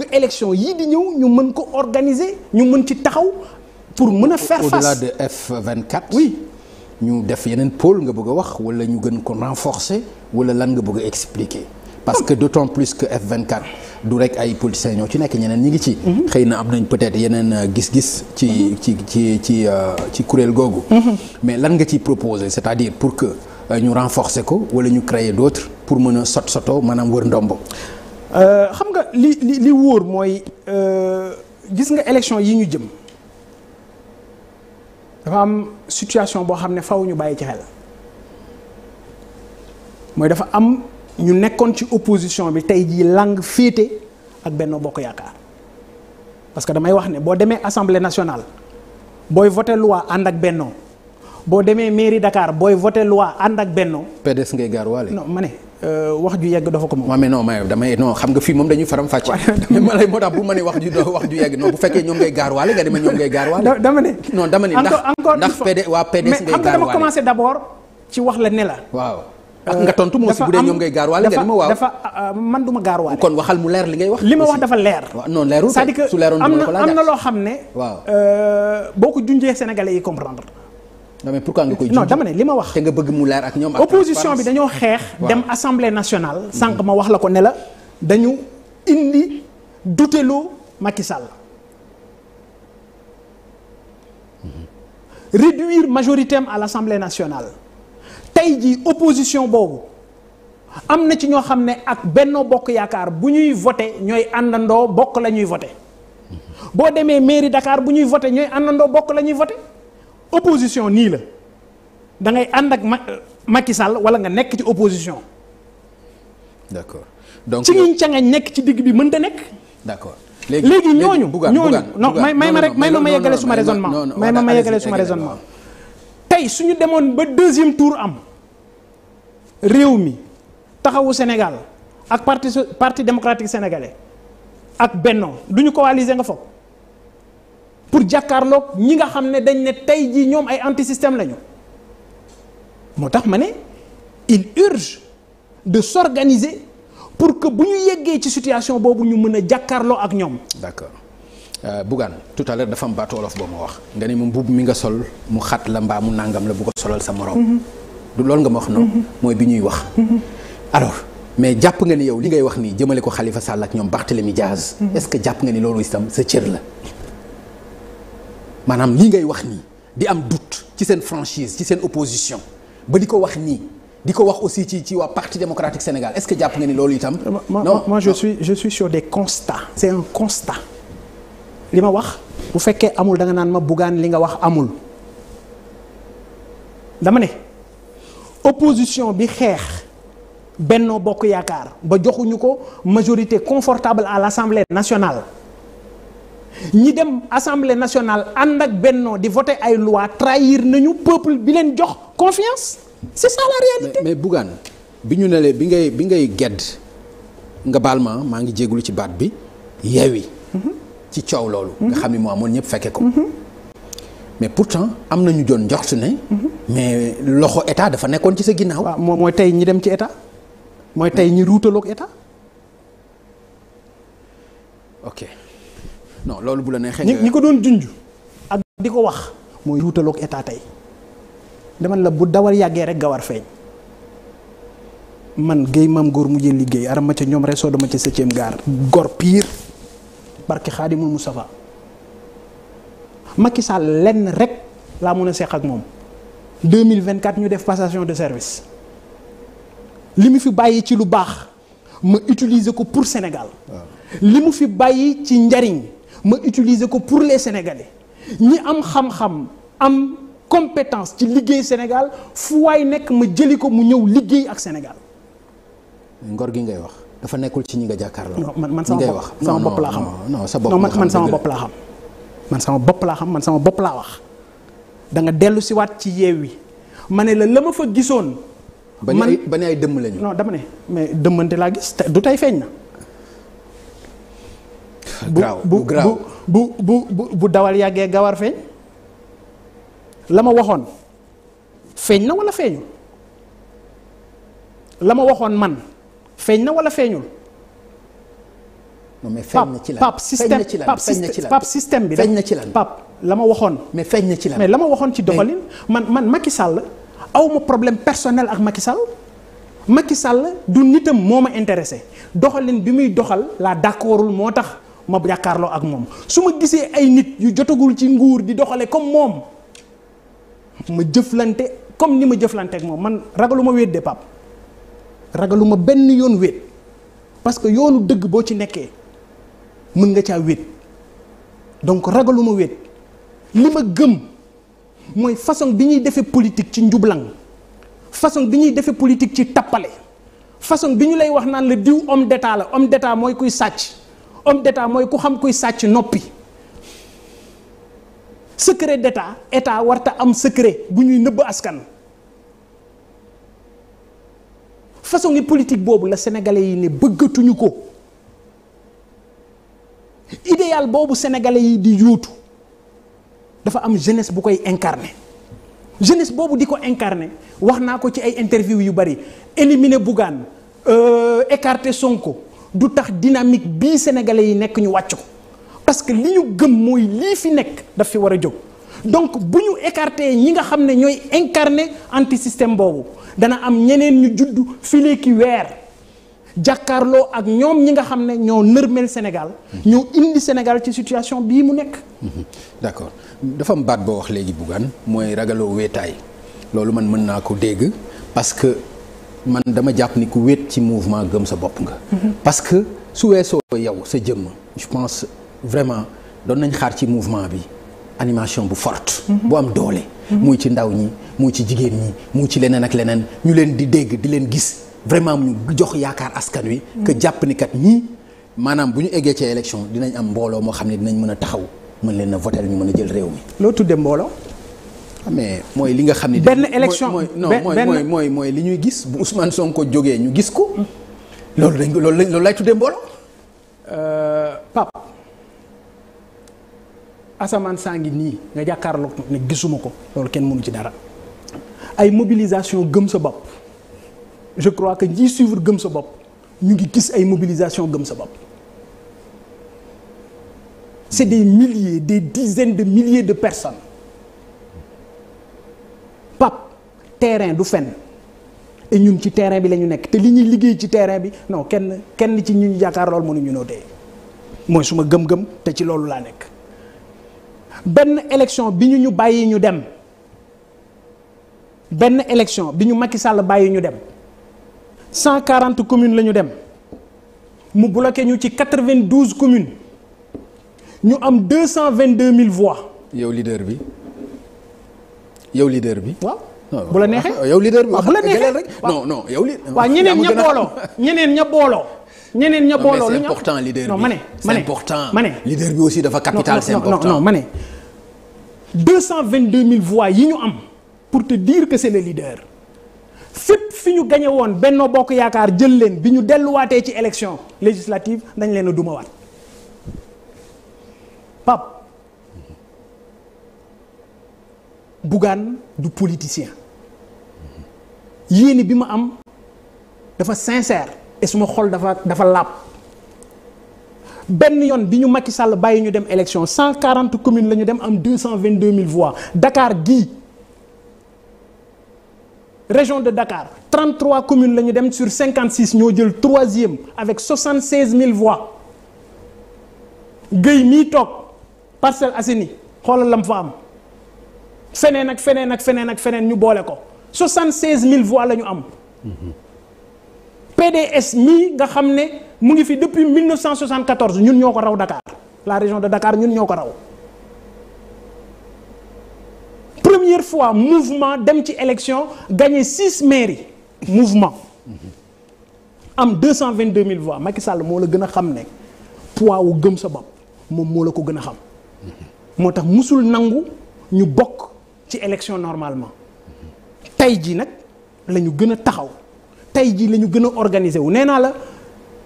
que élection yi di ñëw ñu mën ko organiser ñu mën ci taxaw pour mën a faire face au-delà de F24 oui ñu def yeneen pôle nga bëgg wax wala ñu gën ko renforcer wala lan nga bëgg a expliquer parce que d'autant plus que F24 du rek ay politiciens ñoo ci nekk ñeneen ñi ngi ci. Mhm. xëy na am nañ peut-être yeneen euh, gis-gis. Mhm. ci ci ci ci euh, ci kuréel googu. Mhm. mais lan nga ciy proposer c'est-à-dire pour que euh, ñu renforcer ko wala ñu créer d'autres pour mën a sot soto maanaam wër ndombo. Euh, xam nga li li li wóor mooy euh, gis nga élection yi ñu jëm dafa am situation boo xam ne faw ñu bàyyi ci xel mooy dafa am ñu nekkoon ci opposition bi tey jii làng féete ak Benno Bokk Yaakaar parce que damay wax ne boo demee assemblée nationale booy vote loi ànd ak Benno boo demee mairie dakaar booy voté loi ànd ak Benno PDS ngay gaar waale non ma ne Euh, wax ju yegg dafa ko moom. waaw mais non no damay non xam nga fii moom dañuy faram fàcce. mais moo tax bu ma ne wax ju wax ju yegg non bu fekkee ñoom ngay gaar waale nga demee ñoom ngay gaar waale. dama ne. non dama ne ndax ndax PD waa PDS ngay gaar waale ne la. waaw euh, ak nga tontu moom si bu dee ñoom ngay gaar waale nga ma waaw dafa ah, ah, man du ma gaar waale. kon waxal mu leer li ngay wax. li ma wax dafa leer. waaw non leerul c'est-à-dire que am na am na loo xam ne. waaw euh, boo ko junjee sénégalais yi comprendre non mais pourquoi nga koy non dama ne li ma wax. te nga bëgg mu leer ak ñoom ak opposition bi dañoo xeex. dem assemblée nationale. sànq ma wax la ko ne la dañu indi duteloo Macky Sall. Mhm. réduire majorité am à l' assemblée nationale. tey ji opposition boobu. am na ci ñoo xam ne ak Benno Bokk Yaakaar bu ñuy voté ñooy àndandoo bokk la ñuy voté. Mhm. boo demee mairie Dakar bu ñuy voté ñooy àndandoo bokk la ñuy voté. opposition nii la da ngay ànd ak Macky Sall wala nga nekk ci opposition. d'accord donc ci ñun ca nga nekk ci digg bi mënta nekk. d'accord léegi ñooñu. ñooñu non may may ma rek may ma ma yeggale suma raisonnement may ma ma yeggale suma raisonnement. tey suñu demoon ba deuxième tour am réew mi taxawu Sénégal ak parti su parti démocratique sénégalais ak Benno duñu ñu coaliser nga foog. pour jàkkaarlook ñi nga xam ne dañ ne tey jii ñoom ay antisystème lañu moo tax ma ne il urge de s'organiser pour que bu ñu yeggee ci situation boobu ñu mën a jàkkaarloo ak ñoom. d'accord euh, Bougane tout à dafa am baatu olof boo ma wax. nga ni mu mbubb mi nga sol mu xat la mbaa mu nàngam la bu solal sa morom mhm. du loolu nga ma wax noonu. Mhm. mooy bi ñuy wax. Mhm. alors mais jàpp nga ni yow li ngay wax nii jëmale ko Khalifa Sall ak ñoom Barthélémy Diaz. est-ce que jàpp nga ni loolu itam sa cër la. maanaam li ngay wax nii di am dut ci seen franchise ci seen opposition ba di ko wax nii di ko wax aussi ci ci waa parti démocratique Sénégal est-ce que jàpp nga ni loolu itam. non moi je suis je suis sur des constats. c'est un constat. li ma wax bu fekkee amul da naan ma Bougane li nga wax amul dama ne opposition bi xeex Benno Bokk Yaakaar ba joxuñu ko majorité confortable à l'Assemblée nationale. ñi dem assemblée nationale ànd ak bennoo di voter ay loi trahir nañu peuple bi leen jox confiance c'est ça la réalité. mais Bougane bi ñu nelee bi ngay bi ngay gedd nga baal ma maa ngi jégalu ci baat bi yeewi mhm. ci coow loolu. Mhm. nga xam ni moo amoon ñëpp fekke ko. Mhm. mais pourtant am na ñu jox njort ne. mais loxo état dafa nekkoon ci sa ginnaaw. waaw moom mooy tey ñi dem ci état mooy tey ñi ruutaloog état ok. non loolu bu la neexee ñi ko doon junj ak di ko wax mooy ruutaloog état tey dama la bu dawar yàggee rek gawar feeñ man géey maam góor mujjee liggéey arama ca ñoom resoo dama ca septième gaar gor piir barke xaadimul Mustafa Macky Sall lenn rek laa mën a seq ak moom 2024 ñu def passation de service li mu fi bàyyi ci lu baax ma utiliser ko pour Sénégal ah. li mu fi bàyyi ci njariñ ma utiliser ko pour les sénégalais ñi am xam-xam am compétence ci liggéey Sénégal fu waay nekk ma jëli ko mu ñëw liggéey ak Sénégal. ngor gi ngay wax dafa nekkul ci ñi nga jàkkaarloo. non man man sama bopp sama bopp laa xam non sa bopp man man sama bopp laa xam. man sama bopp laa xam man sama bopp laa wax da nga dellu si waat ci yeew wi ma ne la la ma fa gisoon. man ba ne ay dëmm lañu. non dama ne mais dëmmante laa gis du feeñ na. bu bu bu bu bu dawal yàggee gawar feeñ la ma waxoon feeñ na walla feeñul la ma waxoon man feeñ na wala feeñul. non mais feeñ na ci lan pap système pap système bi feeñ na ci lan pap la ma waxoon. mais feeñ na ci lan la ma waxoon ci doxalin man man makki Sall aw problème personnel ak Macky Sall. makki Sall du nitam moo ma intéressé doxalin bi muy doxal laa d'accordul moo tax. ma jàkkaarloo ak moom su ma gisee ay nit yu jotagul ci nguur di doxale comme moom ma jëflante comme ni ma jëflante ak moom man ragaluma wéet de Pape ragaluma benn yoon wéet parce que yoonu dëgg boo ci nekkee mën nga caa wéet donc ragaluma wéet li ma gëm mooy façon bi ñuy defee politique ci njublang façon bi ñuy defee politique ci tappale façon bi ñu lay wax naan la diw homme d'état la homme d'état mooy kuy sàcc homme d'état mooy ku xam kuy sàcc noppi secret d'état état warta am secret bu ñuy nëbb askan façon ngi politique boobu la sénégalais yi ne bëggatuñu ko idéal boobu sénégalais yi di yuutu dafa am jeunesse bu koy incarner jeunesse boobu di ko incarner wax naa ko ci ay interview yu bari éliminer Bougane euh, écarter Sonko du tax dynamique bii sénégalais yi nekk ñu wàcc ko parce que li ñu gëm mooy lii fi nekk daf fi war a jóg donc bu ñu écarté ñi nga xam ne ñooy incarné anti système boobu dana am ñeneen ñu judd file ki weer jàkkaarloo ak ñoom ñi nga xam ne ñoo nërmeel Sénégal ñoo indi Sénégal ci situation bii mu nekk. Mmh. d'accord dafa am baat boo wax léegi Bougane mooy ragaloo wéetaay loolu man mën naa ko dégg parce man dama jàpp ni ku wéet ci mouvement gëm sa bopp nga. Mhm. parce que su weesoo yow sa jëmm je pense vraiment doon nañ xaar ci mouvement bi animation bu fort mhm. bu am doole. Mhm. muy ci ndaw ñi muy ci jigéen ñi muy ci leneen ak leneen ñu leen di dégg di leen gis vraiment mu jox yaakaar askan wi. que jàpp ni ñii maanaam bu ñu eggee ci élection dinañ am mbooloo moo xam ne dinañ mën a taxaw mën leen a voter ñu mën a jël réew mi. loo tuddee mbooloo. Ah, mais mooy li nga xam ni. benn élection mooy non mooy mooy li ñuy gis bu son ko jógee ñu gis ko. loolu dañ ko loolu lañ loolu de tuddee mbooloo. Euh, Pape asamaan saa ngi nii nga jàkkaarloog ne gisuma ko loolu kenn mënu ci dara ay mobilisation gëm sa bopp je crois que ñiy suivre gëm sa bopp ñu ngi gis ay mobilisation gëm sa bopp. c'est des milliers des dizaines de milliers de personnes. pap terrain du fen et ñun ci terrain bi la ñu nekk te li ñuy liggéey ci terrain bi non kenn kenn ci ñu ñu jàkkaar lool mënuñu noo tey mooy suma gëm-gëm te ci loolu laa nekk benn élection bi ñu ñu bàyyi ñu dem benn élection bi ñu makki Sall bàyyi ñu dem cent quarante communes la ñu dem mu bloqué ñu ci quatre vingt douze ñu am deux cent vingt deux mille voix. yow leader bi. yow leader bi. waaw bu la neexee ah, yow leader bi. Ah, bu la ah, neexee rek non non yow. waaw ñeneen ña booloo ñeneen ña booloo. ñeneen ña booloo lu ñu important leader bi non ma ne ma ne c'est important leader bi aussi dafa capital c'est important non non ma ne. 222 000 voix yi ñu am pour te dire que c'est le leader fépp fi ñu gañe woon Benno Bokk Yaakaar jël leen bi ñu delluwaatee ci élection législative dañ leen a dumawaat Pape Bougane du politicien yéene bi ma am dafa sincère et suma xol dafa dafa laab benn yoon bi ñu Macky Sall bàyyi ñu dem élection cent quarante commune la ñu dem am deux cent vingt deux mille voix Dakar gii région de Dakar trente trois communes la dem sur cinquante six ñoo jël troisième avec soixante seize mille voix Guèye mii toog Parcelles Assainies xoolal lam fa am. feneen ak feneen ak feneen ak feneen ñu boole ko mille voix la ñu am. PDS mii nga xam ne mu ngi fi depuis 1974 ñun ñoo ko raw Dakar la région de Dakar ñun ñoo ko raw. première fois mouvement dem ci élection gagné six mairies mouvement am deux cent vingt deux mille voix Macky Sall moo la gën a xam ne poids wu gëm sa bopp moom moo la ko gën a xam moo tax musul nangu ñu bokk ci élection normalement tey jii nag lañu gën a taxaw tey jii lañu gën a organiser wu nee naa la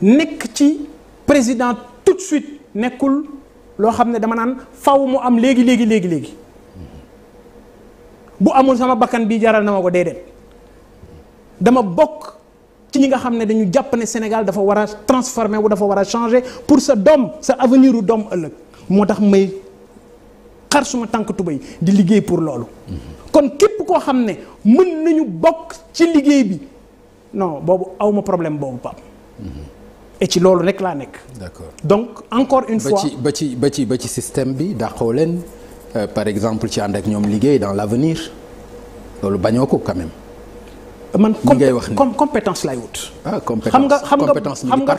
nekk ci président tout de suite nekkul loo xam ne dama naan faw mu am léegi léegi léegi léegi bu amul sama bakkan bi jaral na ma ko déedéet dama bokk ci ñi nga xam ne dañu jàpp ne Sénégal dafa war a transformer wu dafa war a changé pour sa doom sa avenir u doom ëllëg moo tax may xar suma tànk tubéy di liggéey pour loolu kon képp koo xam ne mën nañu bokk ci liggéey bi non boobu awma problème boobu pap et ci loolu rek laa nekk d'accord donc encore une fois ba ci ba ci ba ci système bi dàqoo leen euh, par exemple ci ànd ak ñoom liggéey dans l'avenir loolu bañoo ko quand même man comme compétence lay wut ah compétence xam nga xam nga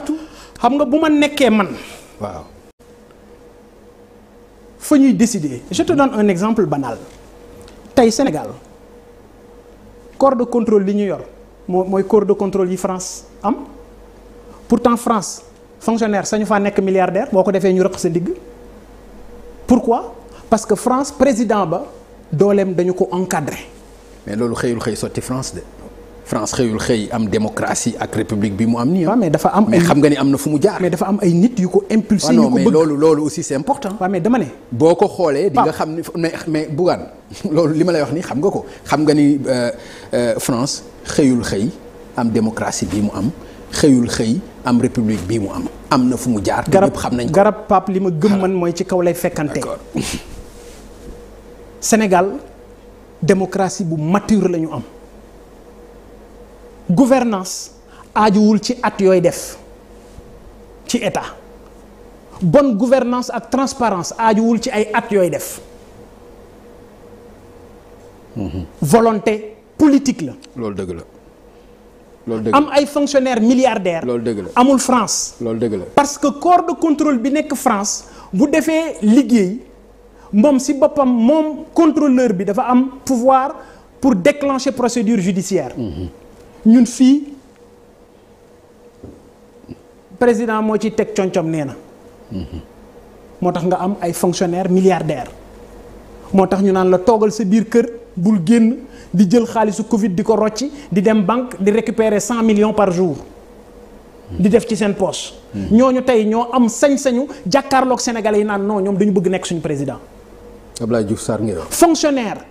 xam nga bu ma nekkee man waaw fa ñuy décider je te donne un exemple banaal tey Sénégal corps de contrôle li ñu yor moo mooy corps de contrôle yi France am pourtant France fonctionnaire sañu fa nekk milliardaire boo ko defee ñu rëq sa ndigg pourquoi parce que France président ba dooleem dañu ko encadré mais loolu xëyul xëy sotti France de France xëyul xëy am démocratie ak république bi mu am nii. waaw mais dafa am xam nga ni am na fu mu jaar. dafa am ay nit yu ko impulsé. yu ah ko loolu loolu aussi c'est important. waaw mais dama ko xoolee. di nga xam ni mais mais Bougane loolu li ma lay wax nii xam ko xam nga ni euh, euh, France xëyul xëy am démocratie bi mu am. xëyul xëy am république mu am am na fu mu jaar. garab xam nañ ko garab li ma gëm ah. man mooy ci kaw lay fekkante. Sénégal démocratie bu mature la ñu am. gouvernance aajuwul ci at yooy def ci état bon gouvernance ak transparence aajuwul ci ay at yooy def mhm. volonté politique la loolu dëgg la loolu dëgg am ay fonctionnaires milliardaires loolu dëgg la amul France loolu dëgg la parce que corps de contrôle bi nekk France bu defee liggéey moom si boppam moom contrôleur bi dafa am pouvoir pour déclencher procédure judiciaire mhm. ñun fii président moo ci teg concom nee na moo tax nga am ay fonctionnaires milliardaires moo tax ñu naan la toogal sa biir kër bul génn di jël xaalisu Covid di ko rocci di dem banque di récupérer cent millions par jour di def ci seen poche. ñooñu tey ñoo am sañ-sañu jàkkaarlook sénégalais yi naan non ñoom dañu bëgg nekk suñu président Abdoulaye Diouf Sarr ngeen wax fonctionnaire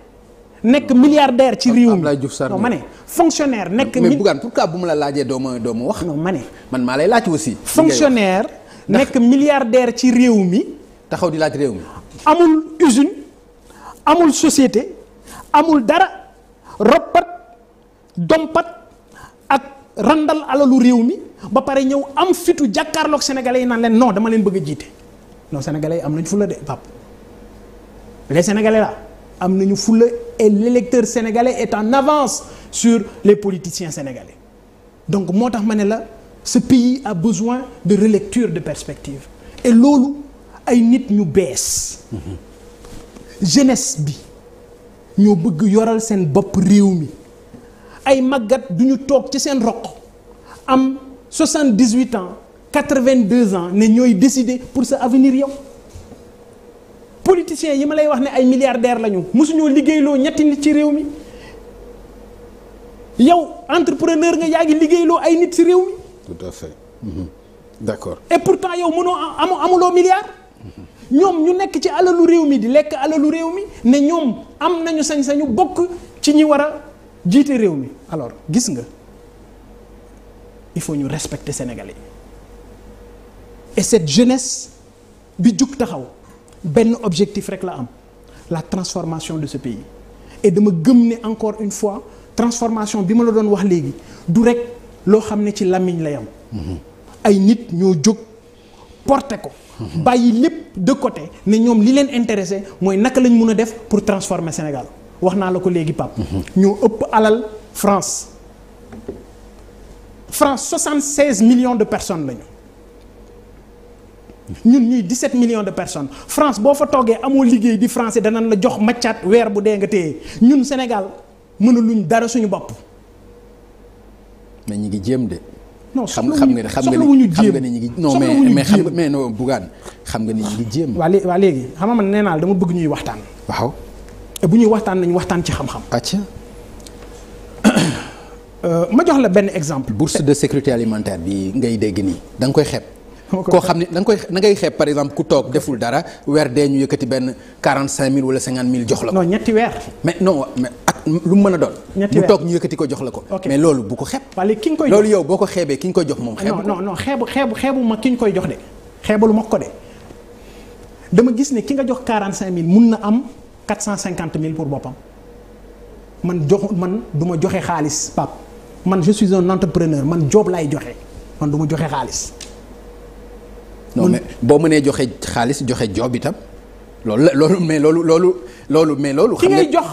nekk milliardaire ci réew mi non ma ne fonctionnaire nekk. mais Bougane pourquoi bu ma la laajee doo ma wax. non ma ne man maa lay laaj aussi. fonctionnaire nekk milliardaire ci réew mi. taxaw di laaj réew mi. amul usine amul dara roppat dompat ak randal alalu réew mi ba pare ñëw am fitu jàkkaarlook sénégalais yi naan leen non dama leen bëgg a jiite non sénégalais yi am nañ fu de pap les sénégalais la am nañu fulla et l'électeur sénégalais est en avance sur les politiciens sénégalais donc moo tax ma ne la ce pays a besoin de relecteur de perspective et loolu ay nit ñu bees jeunesse bi ñoo bëgg yoral seen bopp réew mi ay màggat du ñu toog ci seen roq am soixante-dix-huit ans quatre-vingt-deux ans ne ñooy décider pour sa avenir yow politiciens yi ma lay wax ne ay milliardaires lañu mosuñoo liggéeyloo ñetti nit ci réew mi yow entrepreneur nga yaa ngi liggéeyloo ay nit ci réew mi. tout à fait mhm. d'accord. et pourtant yow mënoo amu amuloo milliard. ñoom ñu nekk ci alalu réew mi di lekk alalu réew mi ne ñoom am nañu sañ-sañu bokk ci ñi war a jiite réew mi alors gis nga il faut ñu respecter sénégalais et cette jeunesse bi jug taxaw. benn objectif rek la am la transformation de ce pays et dama gëm ne encore une fois transformation bi ma la doon wax léegi du rek loo xam ne ci làmmiñ lay am mhm. ay nit ñoo jóg porté ko mhm. bàyyi lépp de ne ñoom li leen intéressé mooy naka lañ mun a def pour transformer Sénégal wax naa la ko léegi Pape mhm. ñoo ëpp alal France France 76 millions de personnes lañu ñun ñuy 17 millions de personnes France boo fa toogee amoo liggéey di français danañ la jox maccaat weer bu dee nga téye ñun Sénégal mënaluñ dara suñu bopp. mais ñu ngi jéem de. non xam xam nga ne xam nga ne ñu ngi non mais mais xam nga mais non Bougane xam nga ne ñu ngi jéem. waa léegi waa léegi xam nga man nee naa dama bëgg ñuy waxtaan. waaw. te bu ñuy waxtaan nañu waxtaan ci xam-xam. acca. Euh, ma jox la benn exemple. bourse de sécurité alimentaire bi ngay dégg nii da koy xeeb. koo xam ne da koy da ngay xeeb par exemple ku toog deful dara weer dee ñu yëkkati benn quarante cinq mille wala cinquante mille jox la ko. non ñetti weer. mais non mais ak lu mu mën a doon. ñetti mu toog ñu yëkkati ko jox la ko. mais loolu bu ko xeeb. wala ki nga koy jox loolu yow boo ko xeebee ki nga koy jox moom. Ah, xeeb ko non non xeebu ki ñu koy jox de xeebalu ma ko de dama gis ne ki nga jox quarante cinq mille mun na am quatre cent cinquante mille pour boppam man jox man du ma joxe xaalis Pape man je suis un man job laay joxe man du ma joxe xaalis non mais boo mënee joxe xaalis joxe job itam loolu la loolu mais loolu loolu loolu mais loolu. xam nga ki ngay jox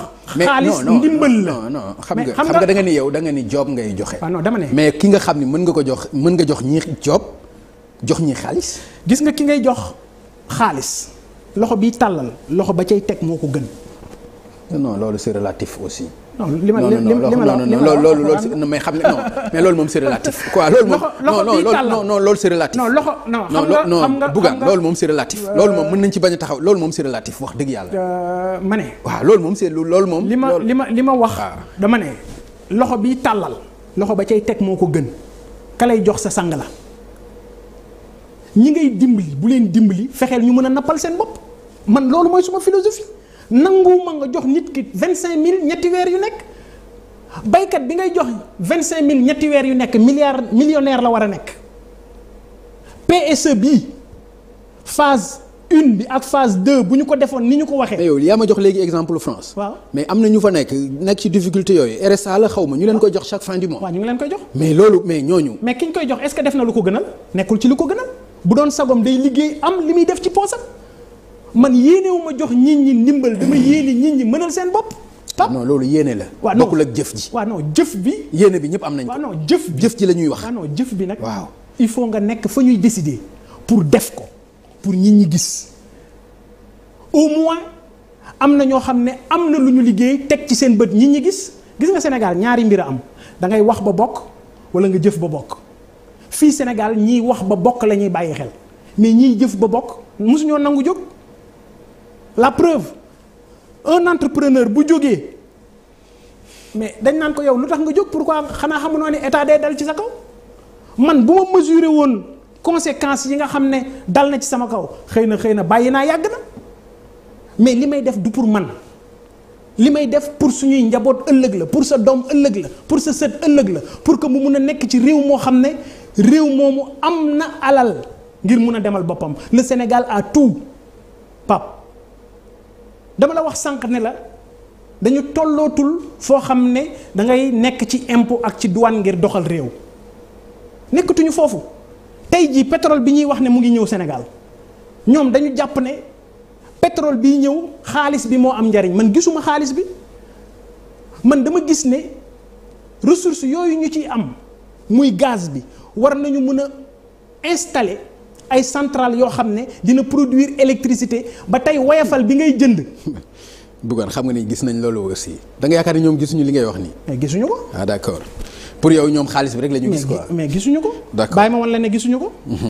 xaalis ndimbal la non xam nga xam nga da nga ni yow da nga ni job ngay joxe. Ah, non dama ne mais ki nga xam ni mën nga ko jox mën nga jox ñii job jox ñii xaalis. gis nga ki ngay jox xaalis loxo bi tàllal loxo ba cay teg moo ko gën. non loolu c'est relatif aussi. non li ma li ma la non non loolu loolu mais xam nga non mais loolu moom c'est relatif. quoi loolu moom non non non euh, nañ ci bañ a taxaw loolu moom c'est relatif wax dëgg yàlla. Euh, ma ne. waaw loolu moom c'est loolu moom. li ma li ma li ma wax. dama ne loxo bi tàllal. loxo ba cay teg moo ko gën. ka jox sa sang la. ñi ngay dimbali bu leen dimbali fexeel ñu mën a nappal seen bopp man loolu mooy suma philosophie. nanguwuma nga jox nit ki vingt cinq mille ñetti weer yu nekk baykat bi ngay jox vingt cinq mille ñetti weer yu nekk milliard millionnaire la war a nekk PSE bii phase une bi ak phase deux bu ñu ko defoon ni ñu ko waxee. mais yow yaa ma jox léegi exemple France. waaw mais am na ñu fa nekk nekk ci difficulté yooyu RSA la xaw ma ñu leen koy jox chaque fin du mois. waaw ñu ngi leen koy jox. mais loolu mais ñooñu. mais ki ñu koy jox est def na lu ko gënal nekkul ci lu ko gënal bu doon sagom day liggéey am li muy def ci poosam. man yéenewu ma jox nit ñi ndimbal dama yéene nit ñi mënal seen bopp. pap non loolu yéene la. waaw non bokkul ak jëf ji. waaw non jëf bi. yéene bi ñëpp am nañ ko. jëf jëf ji la ñuy wax. waaw jëf bi nag. waaw il faut nga nekk fa ñuy décider pour def ko pour ñi ñi gis au moins am na ñoo xam ne am na lu ñu liggéey teg ci seen bët ñi ñi gis gis nga Sénégal ñaari mbir a am da ngay wax ba bokk wala nga jëf ba bokk fii Sénégal ñiy wax ba bokk la ñuy bàyyi xel mais ñiy jëf ba bokk mosuñoo nangu jóg. la preuve un entrepreneur bu jógee mais dañ naan ko yow lu tax nga jóg pour pourquoi xanaa xamunoo ne état day dal ci sa kaw man bu ma mesurer woon conséquence yi nga xam ne dal na ci sama kaw xëy na xëy na bàyyi naa yàgg na mais li may def du pour man li may def pour suñuy njaboot ëllëg la pour sa doom ëllëg la pour sa sët ëllëg la pour que mu mun a nekk ci réew moo xam ne réew moomu am na alal ngir mun a demal boppam le Sénégal a tout Pape dama la wax sànq ne la dañu tollootul foo xam ne dangay nekk ci impôt ak ci douane ngir doxal réew nekkatuñu foofu tey jii pétrole bi ñuy wax ne mu ngi ñëw senegal ñoom dañu jàpp ne pétrole bii ñëw xaalis bi moo am njariñ man gisuma xaalis bi man dama gis ne ressource yooyu ñu ciy am muy gaz bi war nañu mën a installer ay centrale yoo xam ne dina produire électricité ba tey woyafal bi ngay jënd. Bougane xam nga ni gis nañ loolu aussi da nga yaakaar ni ñoom gisuñu li ngay wax nii. gisuñu ko. ah d'accord pour yow ñoom xaalis bi rek la ñu gis quoi mais gisuñu ko. d'accord bàyyi ma woon la ne gisuñu ko. Mhm.